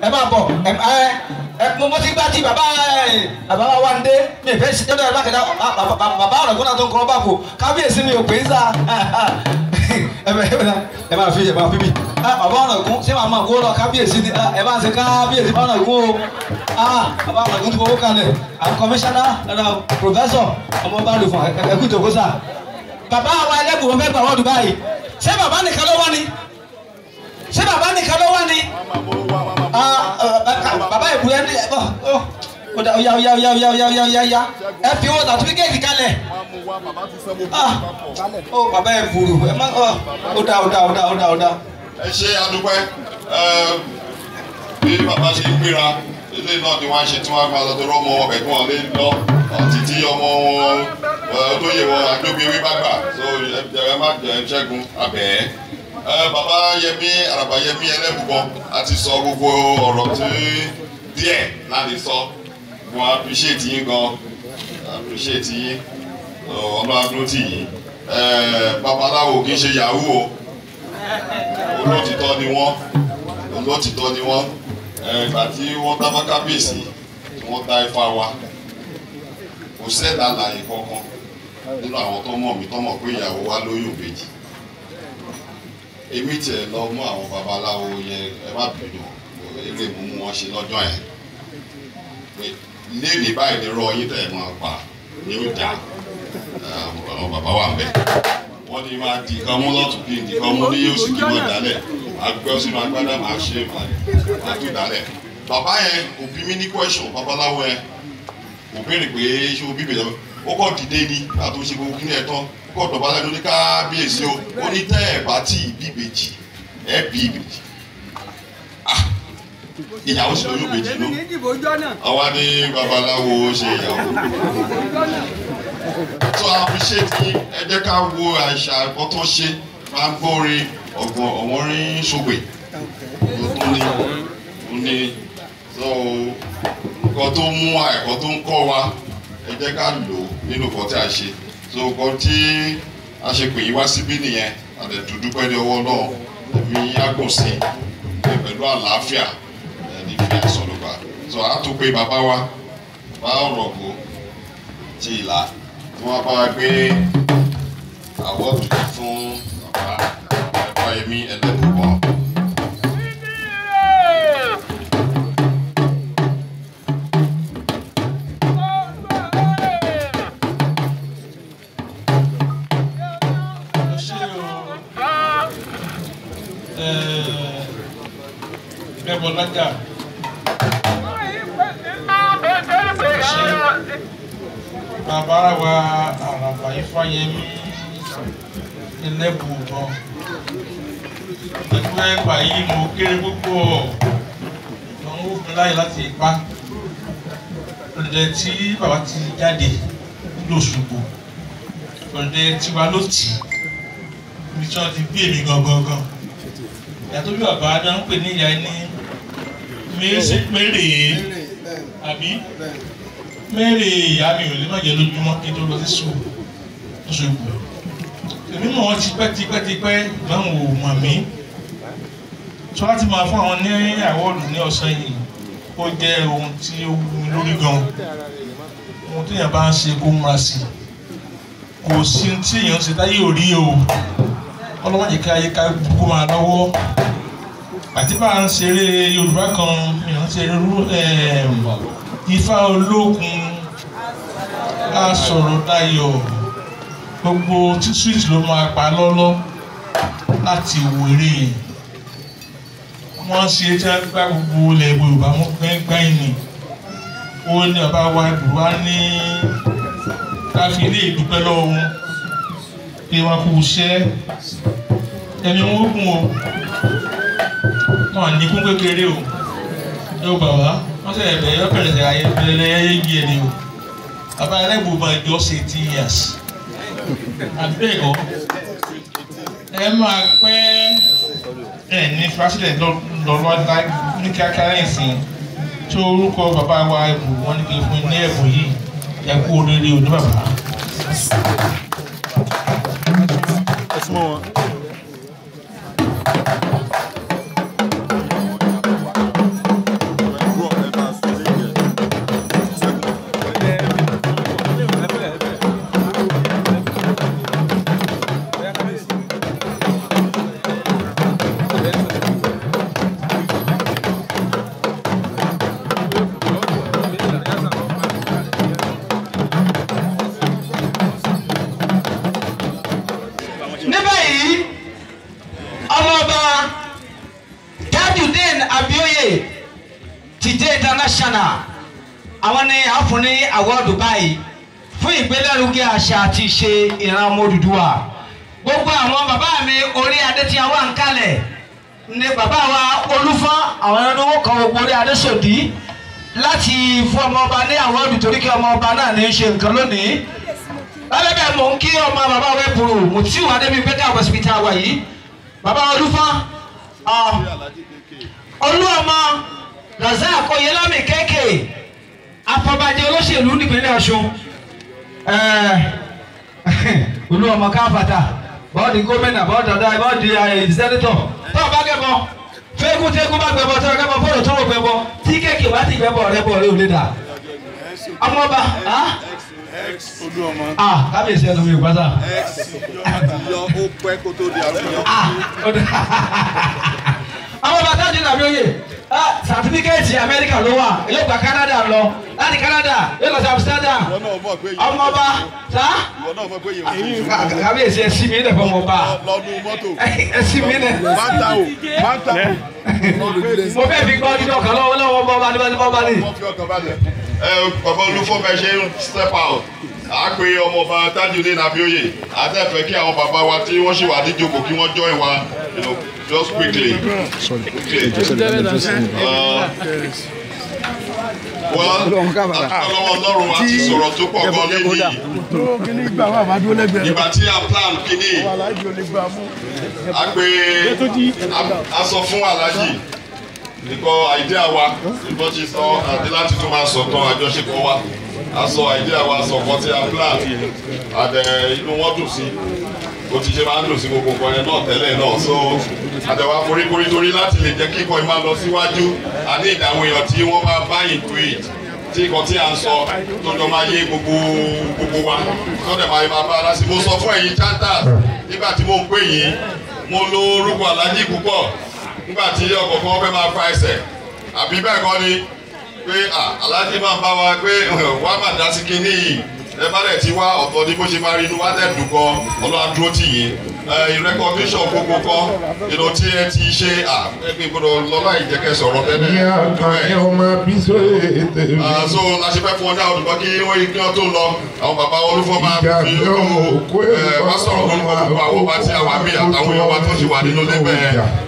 ẹ máa bọ̀ ẹ ẹ mo ti gbá tí bàbá ẹ bàbá wa wá ń dé mi fẹ́ ṣe jọ́dọ̀ ẹ bá kẹta bàbá ọ̀rọ̀ kúnlá tó ń kọ́ bá kò kábíyèsí mi ò pè é sá ẹ bẹ ẹ máa fi ẹ máa fi mi ah, bàbá ọ̀nàgún ṣé màá kó lọ kábíyèsí ni ah, ẹ bá ń ṣe kábíyèsí bá ọ̀nàgún o ah, bàbá ọ̀nàgún ti fowó kalẹ̀ àwọn kọmíṣánná ẹ̀rọ pòfẹ́sọ̀ ọmọ bá lù fún ẹkú ìjòkó sá. bàbá àwọn ẹlẹ́gùn wọn fẹ́ gbà wọ́ọ̀dù báyìí ṣé bàbá nìkan ló wá ni ṣé bàbá nìkan ló wà ni? Ah, eh, eh, bàbá ìbúra ní ẹ bọ ọ̀dà ọ̀yà ọ̀yà ọ̀yà ọ̀yà ọ̀yà ọ̀yà ọ̀yà ọ̀yà ẹ fi wọn sàtífíkẹ́ẹ̀tì kalẹ̀. ó ah, oh, bàbá ẹ bùrù ẹ má ọ oh, ọ̀dà ọ̀dà ọ̀dà ọ̀dà ọ̀dà. ẹ ṣe adúpẹ́ eh, bí bàbá ṣe ń gbéra ilé náà ni wọ́n á ṣe tí wọ́n á gba lọ́dọ̀ ọmọ wọn bẹ̀gbọ́n wọn lé lọ títí ọmọ wọn tó yẹ wọn àgbègbè wí gbà so ẹ má jẹ ṣẹ́gun abẹ́ẹ́ bàbá Yẹmí Àràbà Yẹmí Ẹlẹ́bùbọ àti sọ gbogbo ọ̀rọ̀ tí díẹ̀ láti sọ mo appreciate yín gan appreciate yín ọlọ́dún tì yín babaláwo kì í ṣe yahoo o olótìtọ́ ni wọ́n olótìtọ́ ni wọ́n ìgbà tí wọ́n dá bá kábíyèsí tí wọ́n dá ifá wa kò sẹ́ẹ̀dá àlàyé kankan nínú àwọn tó mọ̀ mí tó mọ̀ pé ìyàwó wa lóyún ìbejì èmi tiẹ̀ lọ mú àwọn babaláwo yẹn ẹ má bínú eré mímú wọn ṣe lọ́jọ́ yẹn pé léèdì báyìí ni rọ yín tẹ̀ máa pa ni ó dà àwọn bàbá wà bẹ́ẹ̀ wọ́n ní máa di kan mú lọ́tún kí n di kan mú ní yóò sì kí wọ́n dálẹ̀ àgbẹ̀ sínú agbádá máa ṣe máa tún dálẹ̀ bàbá yẹn kò mi ní question babaláwo yẹn kò béèrè pé ṣé o bíbélì ó kọ́ dìde ni àtúnṣe gbogbo kí ni ẹ tán kó dọ̀bálẹ̀ lórí kábíyèsí o ó ní tẹ́ ẹ̀ bá tí ì bí ìbejì ẹ̀ bí ìbejì ah, ìyàwó sì lóyún ìbejì ló àwa ní babaláwo ṣe ìyàwó tó àwọn iṣẹ́ tí ẹ jẹ́ ká wo àṣà ẹ̀kọ́ tó ṣe máa ń gbórin ọ̀gbọ̀n ọ̀wọ́n rí ṣògbè tó ní tó ní tó nǹkan tó mú àìkọ́ tó ń kọ́ wa ẹ ká lò nínú nǹkan tí a ṣe so nǹkan tí a ṣe pè yí wá síbí nìyẹn àdẹ̀tù dúpẹ́ ní ọwọ́ náà èmi yàgùn sí i pẹ̀lú àlàáfíà ẹni fi àsọ̀rọ̀ gbà so a tún pé bàbá wa bá ọ̀rọ̀ kó ti ìlà tí wọ́n bá gbé àwọ̀dù fún bàbá ẹ̀fọ́ ẹ̀mí ẹ̀dẹ́gbọ̀n. Ọlájà. bàbá wa àràbà Ifáyẹmí ẹlẹ́bùbọn ẹgbẹ́ ẹgbà yìí mo kéré púpọ̀ àwọn òfin láyé láti ipá ọ̀dẹ̀ tí bàbá ti jáde lóṣùgbò ọ̀dẹ̀ tiwa ló tì ibi tí wọ́n ti bí èmi gangan gan ìyá tó bí bàbá náà ń pè ní ìyá ẹni mẹ́rẹ̀ àbí mẹ́rẹ̀ ìyá mi ò lè má jẹ lójúmọ́ kí n tó lọ sí sùn lọ́sọ̀ ìgbà èmi mọ̀ wọ́n tipẹ́tipẹ́tipẹ́ ìgbọ́n wò mọ̀ mí tí wọ́n ti máa fún àwọn ní àwọ̀lù ní ọ̀sán yìí ó jẹ́ ohun tí ó wù mí lórí gan ohun tí èèyàn bá ń ṣe kó múra sí kò sí tí èèyàn ń ṣe táyé ò rí o ọlọ́wọ́n yìí ká ayé ká kó máa lọ́wọ́ àti bá ń ṣeré Yorùbá kan ń ṣeré Ifá olókun asọ̀rọ̀ dayọ̀ gbogbo tí switch ló máa pa lọ́lọ́ láti wèrè wọ́n ṣe tí wọ́n gbá gbogbo ilẹ̀ Yorùbá mú gbẹ́ngbẹ́ng ni ó ní ọba wa Yorùbá ní káfí ilé ìdúpẹ́ lọ́wọ́ wọn pé wọn kò ṣẹ́ ẹni wọn kún o wọn ní kún kékeré o yóò bà wá wọn sẹ ẹbẹ yọ pẹlẹ sẹ ayé pẹlẹ ayé yí ẹni o bàbá ẹlẹ́gbò máa jọ ṣe ti yàs àbẹ́ẹ̀kọ́ ẹ máa pẹ́ ẹ ní fásitì lọ́lọ́ ní kíákíá lẹ́yìn sí tí orúkọ bàbá wa ẹ̀bùn wọn ní kí n fún ní ẹ̀bùn yìí ẹ kú oríire òní bàbá. tajudeen abioye tìjẹ́ international àwọn ni a fún ní awọ́ọ̀dù báyìí fún ìgbélárugẹ àṣà àti ìṣe ìran ọmọ Odùduwà gbogbo àwọn bàbá mi orí adé tí a wà ń kalẹ̀ ni bàbá wa olúfọ́n àwọn ẹni wọ́n kọ gbogbo orí adé sòdí láti fún ọmọ ọba ní awọ́ọ̀dù torí kí ọmọ ọba náà ní í ṣe nǹkan lónìí lábẹ́ bẹ́ẹ̀ mò ń kí ọmọ bàbá wa Ẹ̀bùrù Mutiu Adébíyì Bẹ́tà hospital wa yìí bàbá olúfọ́n. Um, olúọmọ razak oyelami kéèké afọbajẹ olóṣèlú nípínlẹ̀ Ọ̀ṣun olúọmọ káfàtà bọ́ọ̀dì gómìnà bọ́ọ̀dì ọ̀dà bọ́ọ̀dì sẹ́nitọ̀ tó bá kẹ́kọ̀ọ́ fẹ́ẹ́kú tẹ́kú bá gbẹ̀bọ̀ tó gbẹ̀bọ̀ fọ́ọ̀rọ̀ tó gbẹ̀bọ̀ tí kéèké bá ti gbẹ̀bọ̀ rẹ̀ bọ̀ rẹ̀ ò lè dà ọmọọba ah kábíyèsí ẹ lómi ìgbàdà. ó pẹ́ kó tó di àrùn. àwọn bàtà dín nàbí oyè sàtífíkẹ́ẹ̀tì amẹ́ríkà ló wà yóò gba canada lọ láti canada yóò lọ sí amsterdam ọmọọba tá kábíyèsí ẹsí mi lẹ fọmọba ẹsí mi lẹ. mo fẹ́ fi gbọ́ dídọ̀ kan lọ́wọ́ lọ́wọ́ bọ́ọ̀bá ní bọ́ọ̀bá ní. ẹ bàbá olúfọ́ fẹ́ ṣe step out a pe ọmọọba tajudeen abioye adẹ́fẹ́ kí àwọn bàbá wa tí wọ́n sì wà ní ìjókòó kí wọ́n join wa you know, just quickly. quickly. Uh, ọlọ́wọ́ ọlọ́run àti sọ̀rọ̀ tó pọ̀ gan lẹ́yìn ìgbà tí a plan kínní a pe a sọ fún aláàjì nìkan àìdíà wa nìkan ti sọ àti láti tún máa sọ̀tàn àjọṣepọ̀ wa a sọ àìdíyà wa sọ ọkọ tí a plan àtẹ inú wọn dùn sí o ti ṣe máa ń dùn sí gbogbo nǹkan yẹn náà tẹ́lẹ̀ náà so àtẹwà foríkorí torí láti lè jẹ́ kíkọ́ ẹ máa lọ síwájú àní ìdáwọn èèyàn tí wọ́n bá bá intuit tí nǹkan tí a ń sọ tó jọ máa yé gbogbo gbogbo wa tó dẹ̀ máa yẹ máa bá ara sí mo sọ fún ẹ̀yin chanters nígbà tí mo ń pè yín mo lo orúkọ alájí púpọ̀ nígbà tí ọkọ̀ kan fẹ́ máa fa ẹsẹ̀ àbí bẹ́ẹ̀ kọ́ ni pé aláàjì máa ń bá wa pé wá máa dá sí kinní yìí ẹ bá dẹ̀ ti wá ọ̀tọ̀ ní bó ṣe máa rí inú wá dẹ̀ dùn ọlọ́run dúró tì yín ìrẹ́kọ̀díṣọ̀ gbogbo kan ìlò tí ẹ ti ṣe ẹgbẹ́ gbọ́dọ̀ lọ́la ìjẹ́kẹ́ sọ̀rọ̀ tẹ́lẹ̀. ìyá àkànyẹ ọmọ bísọ ètè mi. so la ṣe fẹ́ fún ọ ní àwọn olùkọ́ kí wọ́n yí kí wọ́n tó lọ àwọn bàbá olúfọ́ máa fi ọmọ òkú wá sọ̀rọ̀ lórúkọ àwọn bá ti àwọn àmì àtàwọn èèyàn tó ti wà nínú lẹ́gbẹ̀ẹ́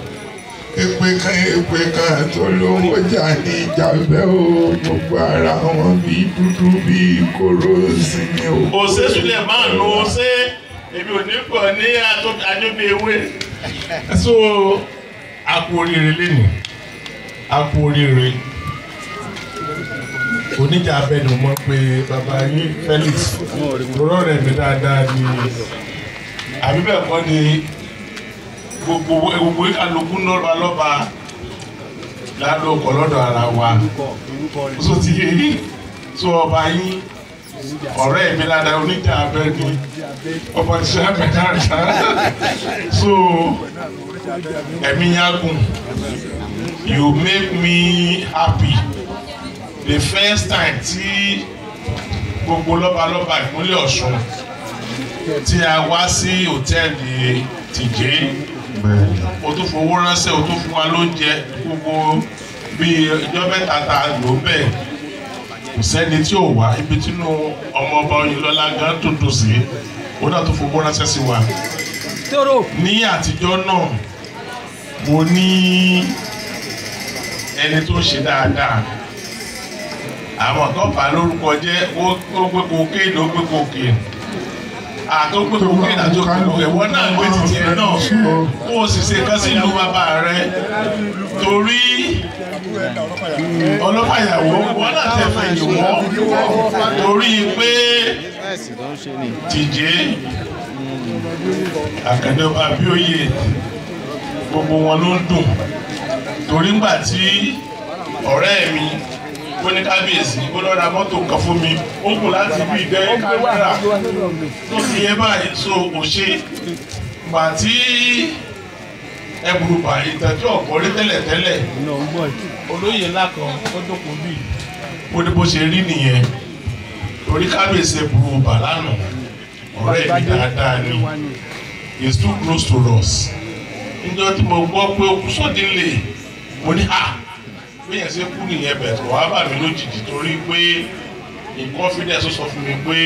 ìpè kan ìpè kan tó lówó jà ní ìjàmbẹ́ o gbogbo ara wọn bí dúdú bí kóró sí ni o. òṣè sulẹ̀ máa nu ṣé èmi ò ní pọ̀ ní àjọbí ewé. so àpò oríire lẹ́nu àpò oríire oníjà abẹnú mọ̀ pé bàbá yín Felix rọrọ rẹ mi dáadáa ni àbí bẹ́ẹ̀ kọ́ ni gbogbo gbogbo kálukú lọ́ba lọ́ba lálòkọ lọ́dọ̀ ara wa so ti yé so ọba yín ọ̀rẹ́ mi ládàá oníjà abẹ́ mi ọba ti sẹ́ mẹ́ta rẹ̀ so ẹ̀mí yagun you make me happy the first time tí gbogbo lọ́balọ́ba ìpínlẹ̀ Ọ̀ṣun tí a wá sí hòtẹ́ẹ̀lì tìjẹ́ o tún fowó ránṣẹ́ o tún fún wa lóúnjẹ gbogbo bíi ọjọ́ mẹ́ta tá a lò bẹ́ẹ̀ kò sẹ́ni tí ò wá ibi tínú ọmọ ọba Oyèlọ́lá gan tó dùn sí o náà tún fowó ránṣẹ́ sí wa ní àtijọ́ náà mo ní ẹni tó ṣe dáadáa àwọn kan fà lórúkọ jẹ́ ó gbé kokéènì ó gbé kokéènì àtọ́gbọ́n tó gbé ìdájọ́ pẹ̀lú ẹ̀wọ́n náà gbé títí ẹ̀ náà kó o sì ṣe kán sí ìlú bàbá rẹ torí ọlọ́pàá ìyàwó wọn náà tẹ̀ fẹ́ ìwọ́ torí pé Dìje Àkàndé ọba Abíóyè gbogbo wọn ló ń dùn torí ńgbà tí ọ̀rẹ́ mi ó ní kábíyèsí ó lọ ra mọ́tò kan fún mi ó kù láti bí ìdẹ́ kámẹ́rà tó ti yẹ báyìí so ò ṣe gbà tí ẹ̀bùrù bà ìtẹ́jú ọ̀kọ́rí tẹ́lẹ̀tẹ́lẹ̀ olóyè ńlá kan ó dókòó bì ó ní bó ṣe rí nìyẹn torí kábíyèsí ẹ̀bùrù bà lánàá ọ̀rẹ́ mi dáadáa ni he is too close to us nítorí tí mo gbọ́ pé ó kú sódì lè mo ní ha. Ah, bẹ́ẹ̀ ṣe kú nìyẹn bẹ̀rẹ̀ wàá bà mí lójijì torí pé in confidence sọ fún mi pé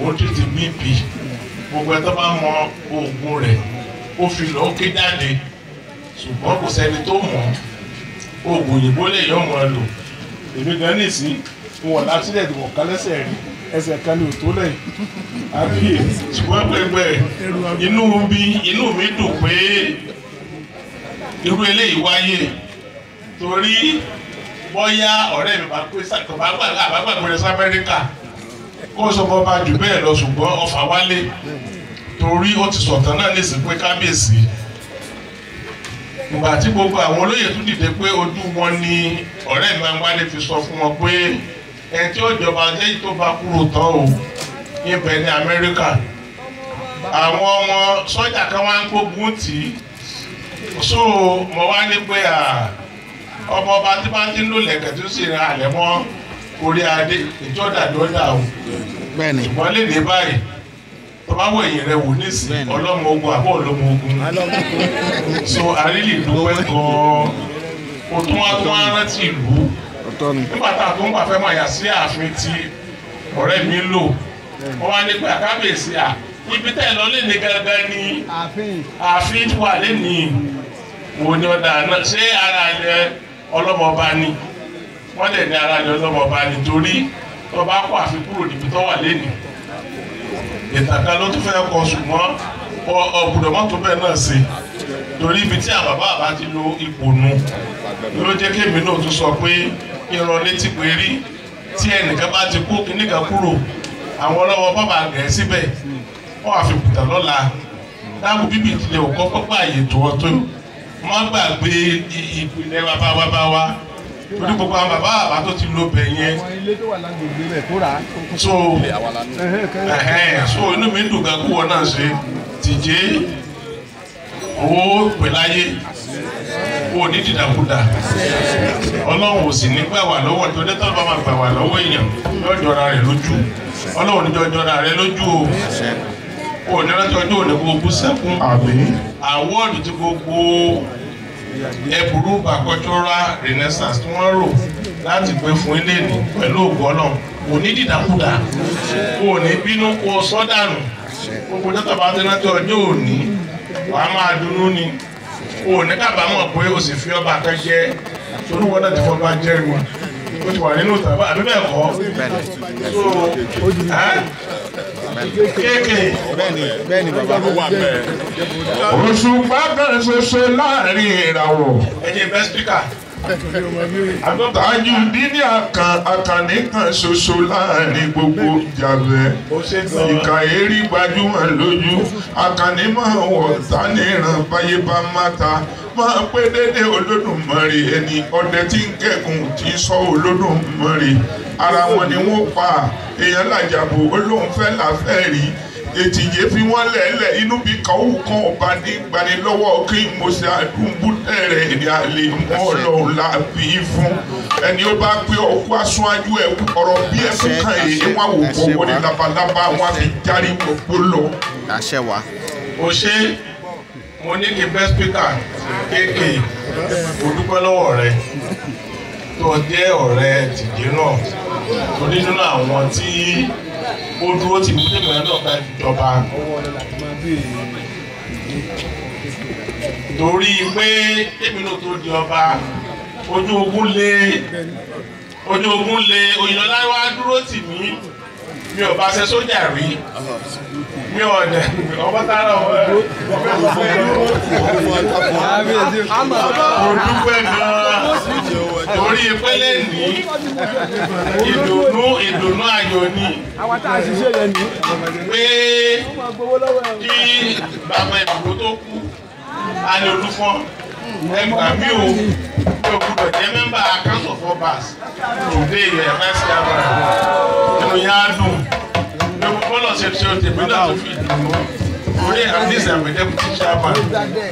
wọ́n ti ti bí bí gbogbo ẹ̀ tó bá mọ oògùn rẹ̀ ó fi lọ́ọ́ ké jáde ṣùgbọ́n kò sẹ́ni tó mọ̀ oògùn òyìnbó lè yọ̀ wọ́n lò èmi gan nìsí wọn lásìlẹ̀ ìdìbò kálẹ́sẹ̀ rí ẹsẹ̀ kan ní òtó lẹ̀ àbí ṣùgbọ́n pẹ̀pẹ̀ inú mi dùn pé irú eléyìí wáyé torí bọ́yá ọ̀rẹ́ mi máa pé kọ̀bá àbágbà mi rẹ̀ sí amẹ́ríkà kó sọ fún ọba jù bẹ́ẹ̀ lọ ṣùgbọ́n ọfà wálé torí ó ti sọ̀tàn náà lè sí pé kábíyèsí ìgbà tí gbogbo àwọn olóyè tún dìde pé ojú wọn ni ọ̀rẹ́ mi máa wálé fi sọ fún wọn pé ẹni tí ó jọba lẹ́yìn tó bá kúrò tán o ibẹ̀ ní amẹ́ríkà àwọn ọmọ sọ́jà kan wá ń gbógun tì so mo wá ní pé à ọmọ ọba tí máa ń lò lẹ̀kẹ̀ tó sì ra àlẹ́ mọ́ orí adé ìjọ́dà lọ́dà o ìmọ̀ lè dé báyìí tó bá wọ̀ ẹ̀yìn rẹ̀ wò ní sí ọlọ́mọ ogun àbọ̀ ọlọ́mọ ogun so àrílì dúpẹ́ gan-an o tún wá tún wá rántí ìlú nígbà tá a tó ń wà fẹ́ máa yà sí ààfin tí ọ̀rẹ́ mi lò wọ́n wá ní pé àkábíyèsí à ibi tẹ́ ẹ lọ lé ní gángan ní ààfin wà lé ní òun náà ṣé ara yẹn ọlọ́mọba ni wọ́n dẹ̀ ní ara ni ọlọ́mọba ni torí tó bá kọ́ àfikúrò níbi tó wà lẹ́nu ìtàkà ló tún fẹ́ kọ ṣùgbọ́n ọ̀gbùdọ̀ mọ́tò bẹ́ẹ̀ náà ṣe torí ibi tí àwọn bàbá bá ti lo ipò nu ló jẹ́ kémi náà tún sọ pé irun létí pé rí tí ẹnìkan bá ti kó kíníkan kúrò àwọn ọlọ́wọ́ bàbá gẹ̀ síbẹ̀ wọ́n àfikùtà lọ́la dáàbò bíbí ìtìlẹ̀ òkọ́ pọ́pọ́ àyè tó wọ́n tó yìí wọ́n gbàgbé ìpìlẹ̀ bàbá bàbá gbogbo àwọn bàbá àbá tó ti lo bẹ̀ yẹn. so so inú mi dùn gan kó wọn náà ṣe tìjé owó pẹ̀láyé owó ní ọlọ́run ò sì ní gbà wà lọ́wọ́ tó dé tọ́lọ́ bá máa gbà wà lọ́wọ́ èèyàn yóò jọra rẹ̀ lójú ọlọ́run níjọ́ jọra rẹ̀ lójú o onírẹ́tọ̀ ní òní gbogbo sẹ́kún àwọ́ọ̀dù tí gbogbo ẹ̀bùrú bàkọ́jọ́ra renaissance tí wọ́n rò láti gbé fún ilé ní pẹ̀lú ògbọ́ náà kò ní dìdàkudà kò ní bínú kò sọ́dànù gbogbo dátà bá ti rántí ọjọ́ òní wàá máa dunnú ni kò ní kábàámọ̀ pé o sì fi ọba kan jẹ torí wọn náà ti fọba jẹ wọn o ti wà nínú tàbá àbí bẹ́ẹ̀ kọ́ so ẹ́ bẹ́ẹ̀ni bàbá ó òṣùpá kan ṣoṣo láàrin ìràwọ̀. ẹ jẹ́ àkànní kan ṣoṣo láàrin gbogbo ìjàmbẹ́. Ìkà èrí gbajúmọ̀ lójú. Àkànní máa wọ̀ tánìràn báyé bá máta. Máa pé dédé Olódùmarè ẹni ọdẹ tí ń kẹ́kùn tí ń sọ Olódùmarè ara wọn ni wọ́n pa èèyàn làjàbò ó lóun fẹ́ rí ètìjé fi wọ́n lẹ́lẹ̀ inú bí kàwù kan ọba ní gbani kí mo ṣe àdúgbò tẹ̀rẹ̀ èdè àlè mọ́ ọlọ́run láàbí fún ẹni ó bá pé ọkú aṣáájú ẹ ọ̀rọ̀ bí ẹ̀sùn kan èyí wọn wò pọ̀ wọlé labalábá wọn fi járí gbogbo lọ. àṣẹ ṣe mo ní kí best speaker kéèké mo dúpẹ́ lọ́wọ́ rẹ tó jẹ́ ọ̀rẹ́ ẹ̀tìjé náà torí nínú àwọn tí ó dúró tì mí lẹ́gbẹ̀ẹ́ náà bá ìjọba. torí pé èmi tó di ọba ojú ogun lé ojú ogun lé Oyinlọ́lá wá dúró tì mí mi ò bá ṣe sójà rí mi ò dẹ ọmọ tára ọmọ ẹ mo dúpẹ́ gan-an torí pẹ́lẹ́ ní ìdùnnú ìdùnnú ayọ̀ ni pé kí bàbá ìbùkó tó kú alẹ́ olúfọ́n ẹgbà mí o yóò gbúdọ̀ jẹ́ mẹ́mbà council of obas òde ilẹ̀ fẹ́sì àbúrò ẹnu yá dùn lóko bọ́lọ̀ ṣe ṣe òtẹ̀gbẹ́ tó fi dùn orí àdìsẹ̀ àgbẹ̀dẹ́kùn ti ṣàbà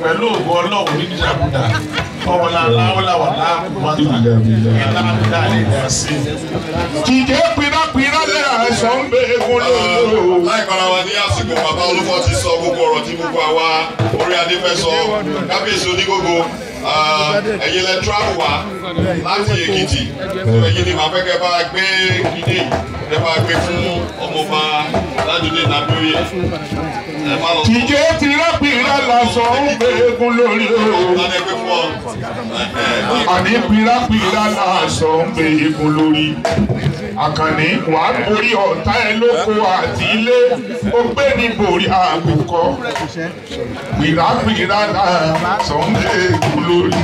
pẹ̀lú ògbó ọlọ́run ní ìjàkúdà ọ̀la láwùlà wà láàmúwàtà ìlà àdàlẹ̀ ẹ̀sìn. Jìjẹ́ pínrápínrá lẹ́ àìsàn ń bẹ egun lóru. Láì para wa ní àsìkò bàbá olúfọ́ ti sọ gbogbo ọ̀rọ̀ tí gbogbo àwa orí adé fẹ́ sọ kábíyèsí onígbogbo ẹ̀yin lẹ travel wá láti Èkìtì ẹ̀yin ni màá fẹ́ kẹ́ bá gbé kíndé kẹ́ bá gbé fún ọmọọba Ládùúdé Nàbíòye ìjọ pirapira lásọ ń gbẹ́gun lórí o àní pirapira lásọ ń gbẹ́gun lórí àkànní wà á ọ̀tá ẹ àti ilé ó gbé ní borí àgùkọ pirapira lásọ ń gbẹ́gun lórí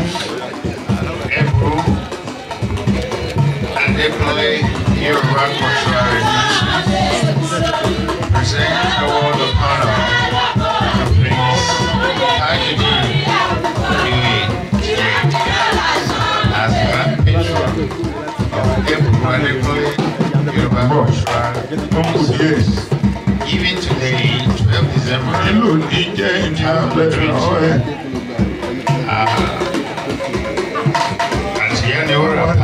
ẹ̀bùrú adébúlé yóò bá kọ̀ọ̀ṣọ́ rẹ̀ present the word of honor to Prince Hagidi as Patron of Ebuwalekole Yoruba Cultural Congress. Given today, 12 December, 2023.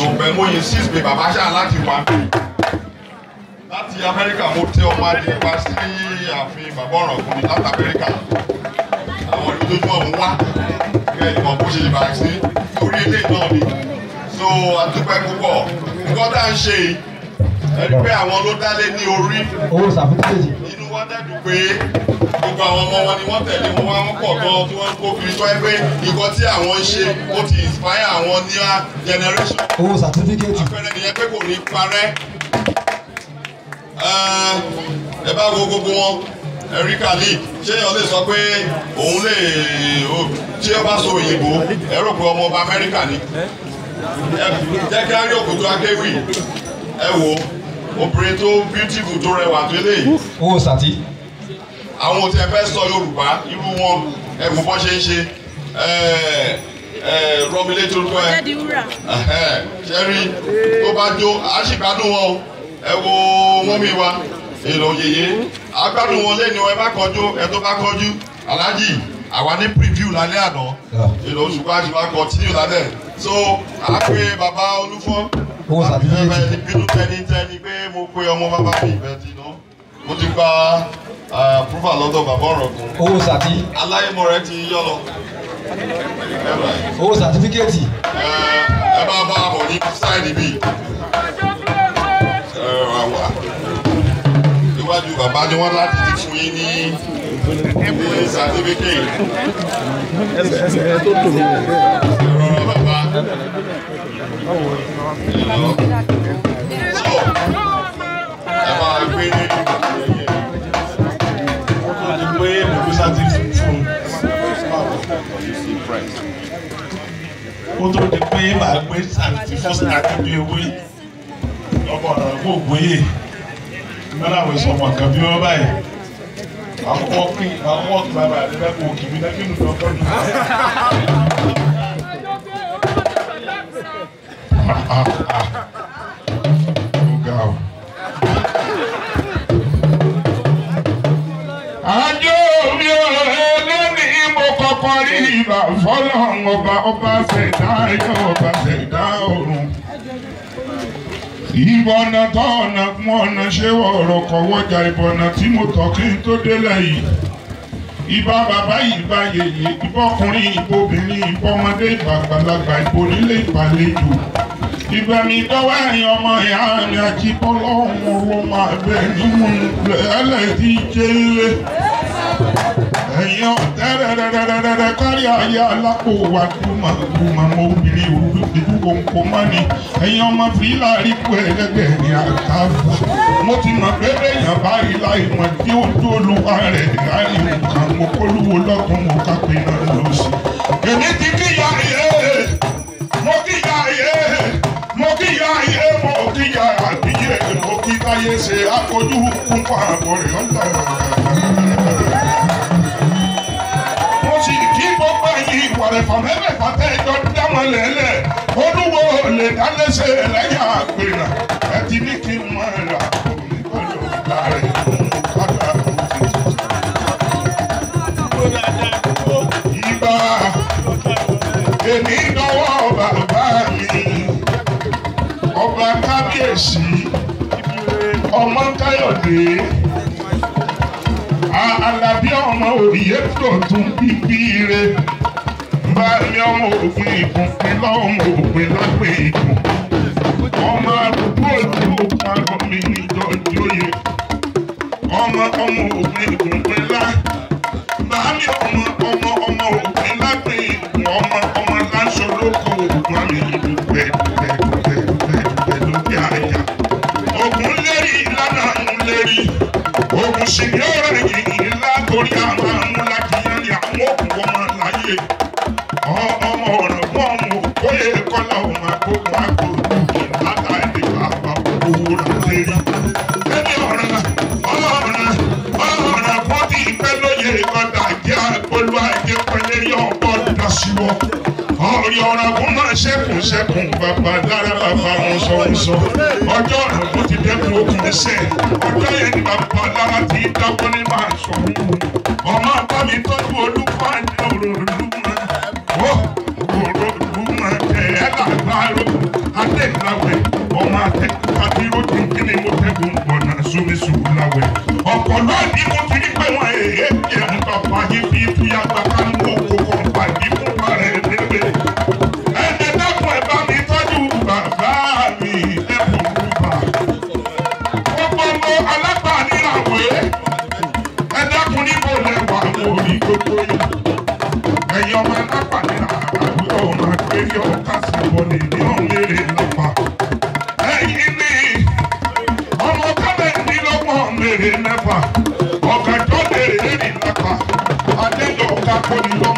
ṣùgbọ́n mo yẹ six pé bàbá ṣáà láti wà mí láti amẹ́ríkà mo tẹ ọmọ adé wá sí ààfin bàbá Ọ̀ràngún láti amẹ́ríkà àwọn ìdójú ọ̀hún wá bẹ́ẹ̀ ni mo bó ṣe lè bàrà sí orí ilé náà ni so àdúpẹ́ púpọ̀ nǹkan tá à ń ṣe yìí ẹni pé àwọn ló dálé ní orí. owó sàfikún méjì látẹ̀dù pé gbogbo àwọn ọmọ wọn ni wọ́n tẹ̀lé wọn wọ́n pọ̀ gan tí wọ́n ń kó kiri tó ẹ pé nǹkan tí àwọn ń ṣe ó ti inspire àwọn newer generation. owó sàtífíkẹ́tì. àpẹẹrẹ nìyẹn pé kò ní parẹ́ ẹ bá wo gbogbo wọn ẹ̀rí khalid ṣé èèyàn lè sọ pé òun lè tí ó bá sọ òyìnbó ẹ pé ọmọ ọba amẹ́ríkà ni jẹ́ kí á rí òkúta akéwì ẹ wò ó obìnrin tó beautiful tó rẹwà tó lè. owó sàtì. àwọn ò tí ẹ fẹ́ sọ yorùbá irú wọn ẹ̀bùn bọ́ ṣe ń ṣe rọmílẹ̀ tó tọ́ ẹ. ṣẹ́rí tó bá jó àṣìgbádùn wọn ẹ wo mọ́mí wa èlò yèyé agbádùn wọn lẹ́nu ẹ bá kọjú ẹ tó bá kọjú aláàjì àwa ní preview lálẹ́ àná ah. èlò oṣù bá ti wá kọ tí yóò lálẹ́ so àpè bàbá olúfọ́n owó sàtífíkẹ́tì. inú tẹni tẹni pé mo pe ọmọ bàbá mi ìfẹ́ ti ná mo ti gba àpúrúfà lọ́dọ̀ bàbá ọ̀rọ̀gùn. owó sàtí. aláìmọ̀ rẹ ti yọ lọ. owó sàtífíkẹ́tì. ẹ bá bá a bọ̀ ní sáìdì bíi iwájú bàbá ni wọ́n láti ti fún yín ní sàtífíkẹ́tì. ẹsẹ̀ ẹsẹ̀ tó tò ẹ máa gbé nínú ìgbìyànjú pé mọ̀gbẹ́sà ti fún kó tó di pé màá gbé sàǹtì fún sàǹtì bí ewé ọmọ ọ̀rọ̀ kò gbóyè mẹ́ta àwọn ìsọmọ kan bí wọ́n báyìí àwọn ọkùnrin àwọn ọkùnrin bàbá àdébẹ́kọ̀ òkìmí lẹ́kìnnù lọ́kọ́ nù. àjọ mi ọ̀rẹ́ lẹ́ni mo kọ́kọ́ rí ìgbà fọ́lọ́hún ọba ọba ṣẹ̀dá ayọ̀ ọba ṣẹ̀dá ọ̀run. ìbọnà tó ọ̀nà kún ọ̀nà ṣé ọ̀rọ̀ kọ̀wọ́jà ìbọnà tí mo tọ̀ kí n tó délẹ̀ yìí ìbá bàbá ìbá yèyè ìbọkùnrin ìbobìnrin ìbọmọdé ìbàgbàlagbà ìbò nílé ìbàlejò ìbẹ̀mí dọ́wọ́ ẹ̀yìn ọmọ ìyá mi àti tọ́lọ́hún owó máa bẹ̀ nínú ìgbẹ́lẹ̀ tí jẹ́ ilé. ẹ̀yìn ọ̀tẹ́rẹ̀rẹ̀rẹ̀rẹ̀ kárí ayé alápò wa túmọ̀ túmọ̀ mọ́ obìnrin ìlú kòǹkò mọ́ni ẹ̀yìn ọmọ fìlà rí pé ẹ̀ẹ́dẹ́gbẹ̀ mo ti mọ̀ pé bẹ́yàn bá láì mọ̀ tí ó tó lu ààrẹ láì mọ̀ kàn mo kólúwo lọ́kùn mo kápẹ́ ṣe àkójú kún kọ́ àbọ̀ rẹ̀ ọ̀la. mo sì kí gbogbo yìí ìwà rẹ̀ fàmẹ́fẹ̀fà tẹ́ ẹjọ́ dámọ̀ lẹ́lẹ̀ olúwo lè dálẹ́sẹ̀ lẹ́yà àgbèrà ẹ ti ní kí n mọ̀ ẹ̀ rà omi gbọ́dọ̀ láàrin bàtà òtítù. ìbá èmi dọwọ́ bàbá mi ọba kábíyèsí. Káyọ̀dé Àlàbí ọmọ òrìyé tó tún bíbí re bá mi ọmọ òpin ìkùnpin lọ́mọ òpin lápẹ̀ ìkùn ọmọ àdúgbò ọjọ́ yẹn ni bàbá lára ti dábọ́ mi ọmọ bá mi tọ́jú olúkọ́ àjẹ òròlùmọ̀ ó òròlùmọ̀ jẹ ẹ làbárò adé ìlàwẹ̀ ọmọ àtẹkùn àti ròtìkì ni mo tẹ́gun gbọ̀nà súnmísùn láwẹ̀ ọ̀pọ̀ náà ni mo ti rí. ọ̀gá tó bèrè lẹ́nu ìlàkà adéjọ́ ọ̀gá kọ́ni lọ́mọ.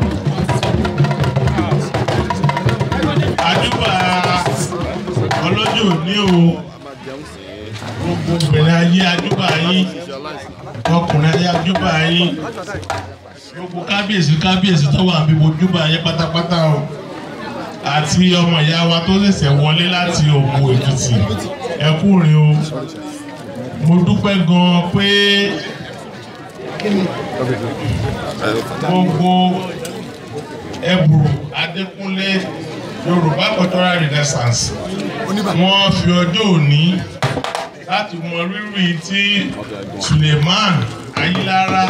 àdúrà ọlọ́jọ́ òní o gbogbo bẹ̀rẹ̀ ayé àdúrà yín ọkùnrin ayé àdúrà yín gbogbo kábíyèsí kábíyèsí tó wà níbi ojúbà yẹn pátápátá o àti ọmọ ìyá wa tó ṣẹ̀ṣẹ̀ wọlé láti Òwu Èkìtì ẹ kú rìn o mo dúpẹ́ gan-an pé gbogbo ẹ̀bùrù Adékúnlé. Yorùbá cultural renaissance wọ́n fi ọjọ́ òní láti mọ rírì tí Suleiman Ayílára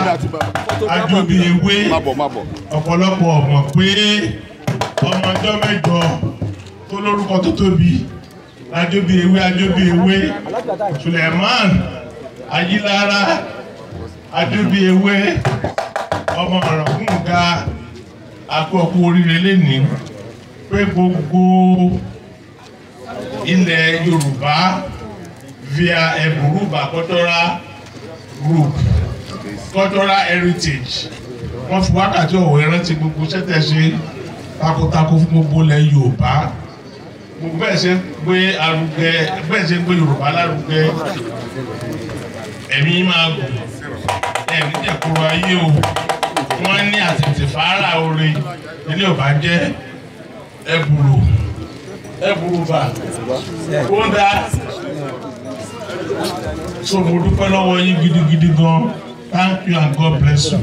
Ajóbi ewé ọ̀pọ̀lọpọ̀ mọ̀ pé ọmọ ọjọ́ mẹ́jọ tó lórúkọ tó tóbi Ajóbi ewé Ajóbi ewé Suleiman Ayílára Ajóbi ewé ọmọ ọ̀rọ̀ fún ga akọ́kọ́ oríire lénìí pé gbogbo ilẹ̀ Yorùbá via Ẹ̀bùrúbà cultural group cultural heritage wọ́n fi wákàtí ọ̀wọ̀ ìrántí gbogbo sẹ́tẹ̀ ṣe takuntakun fún gbogbo ilẹ̀ Yorùbá gbogbo bẹ́ẹ̀ ṣe ń gbé arugẹ bẹ́ẹ̀ ṣe ń gbé Yorùbá lárugẹ ẹ̀mí máa gùn ẹ̀mí jẹ̀kúrò ayé o wọ́n ní àtẹ̀tẹ̀fàárà orin ilé ò bá jẹ́ ẹ̀bùrù ẹ̀bùrùbà kódà so mo dúpẹ́ lọ́wọ́ yín gidigidi gan thank you and God bless you.